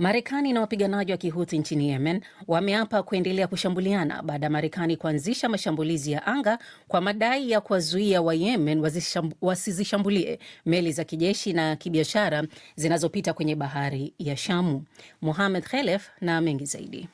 Marekani na wapiganaji wa Kihuthi nchini Yemen wameapa kuendelea kushambuliana baada ya Marekani kuanzisha mashambulizi ya anga kwa madai ya kuwazuia Wayemen wasizishambulie meli za kijeshi na kibiashara zinazopita kwenye bahari ya Shamu. muhamed Khelef na mengi zaidi.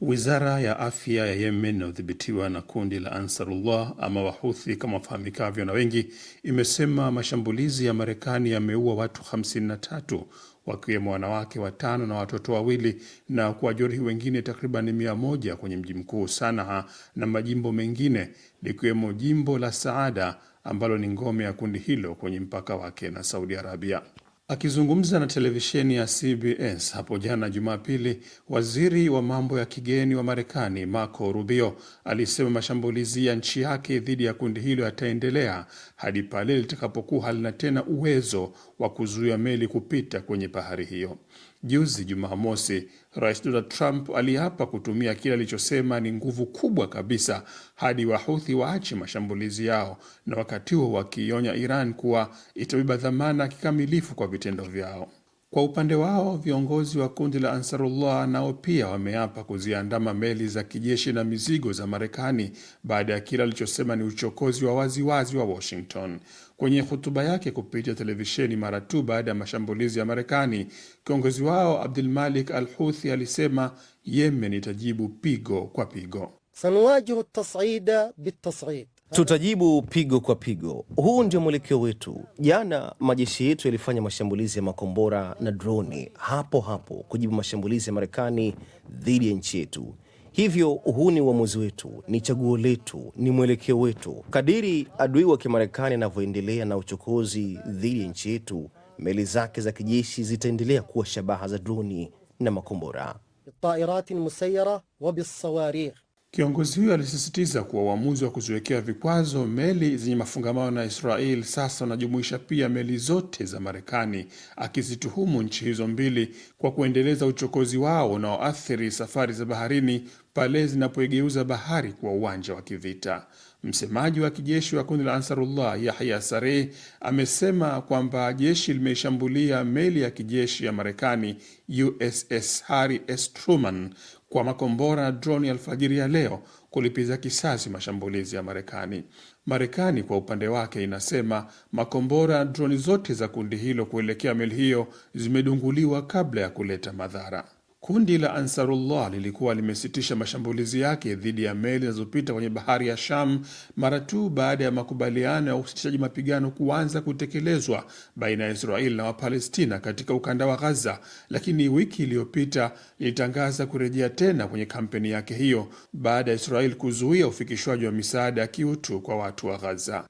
Wizara ya afya ya Yemen inayodhibitiwa na kundi la Ansarullah ama Wahuthi kama wafahamikavyo na wengi, imesema mashambulizi ya Marekani yameua watu 53 wakiwemo wanawake watano na watoto wawili na kuwajeruhi wengine takriban mia moja kwenye mji mkuu Sanaa na majimbo mengine likiwemo jimbo la Saada ambalo ni ngome ya kundi hilo kwenye mpaka wake na Saudi Arabia. Akizungumza na televisheni ya CBS hapo jana Jumapili, waziri wa mambo ya kigeni wa Marekani Marco Rubio alisema mashambulizi ya nchi yake dhidi ya kundi hilo yataendelea hadi pale litakapokuwa halina tena uwezo wa kuzuia meli kupita kwenye bahari hiyo. Juzi Jumamosi, Rais Donald Trump aliapa kutumia kile alichosema ni nguvu kubwa kabisa hadi Wahuthi waache mashambulizi yao, na wakati huo wakiionya Iran kuwa itabeba dhamana kikamilifu kwa vitendo vyao. Kwa upande wao viongozi wa kundi la Ansarullah nao pia wameapa kuziandama meli za kijeshi na mizigo za Marekani baada ya kile alichosema ni uchokozi wa waziwazi wa Washington. Kwenye hotuba yake kupitia televisheni mara tu baada ya mashambulizi ya Marekani, kiongozi wao Abdulmalik al Huthi alisema Yemen itajibu pigo kwa pigo. sanwajihu tasida bitasid Tutajibu pigo kwa pigo. Huu ndio mwelekeo wetu. Jana majeshi yetu yalifanya mashambulizi ya makombora na droni hapo hapo kujibu mashambulizi ya Marekani dhidi ya nchi yetu. Hivyo huu ni uamuzi wetu, ni chaguo letu, ni mwelekeo wetu. Kadiri adui wa Kimarekani anavyoendelea na uchokozi dhidi ya nchi yetu, meli zake za kijeshi zitaendelea kuwa shabaha za droni na makombora. Kiongozi huyo alisisitiza kuwa uamuzi wa kuziwekea vikwazo meli zenye mafungamano na Israel sasa unajumuisha pia meli zote za Marekani, akizituhumu nchi hizo mbili kwa kuendeleza uchokozi wao unaoathiri safari za baharini pale zinapoigeuza bahari kuwa uwanja wa kivita. Msemaji wa kijeshi wa kundi la Ansarullah Yahya Sareh amesema kwamba jeshi limeishambulia meli ya kijeshi ya Marekani USS Harry S. Truman kwa makombora ya droni alfajiri ya leo kulipiza kisasi mashambulizi ya Marekani. Marekani kwa upande wake inasema makombora ya droni zote za kundi hilo kuelekea meli hiyo zimedunguliwa kabla ya kuleta madhara. Kundi la Ansarullah lilikuwa limesitisha mashambulizi yake dhidi ya meli zinazopita kwenye bahari ya Sham mara tu baada ya makubaliano ya usitishaji mapigano kuanza kutekelezwa baina ya Israeli na Wapalestina katika ukanda wa Ghaza, lakini wiki iliyopita lilitangaza kurejea tena kwenye kampeni yake hiyo baada ya Israeli kuzuia ufikishwaji wa misaada ya kiutu kwa watu wa Ghaza.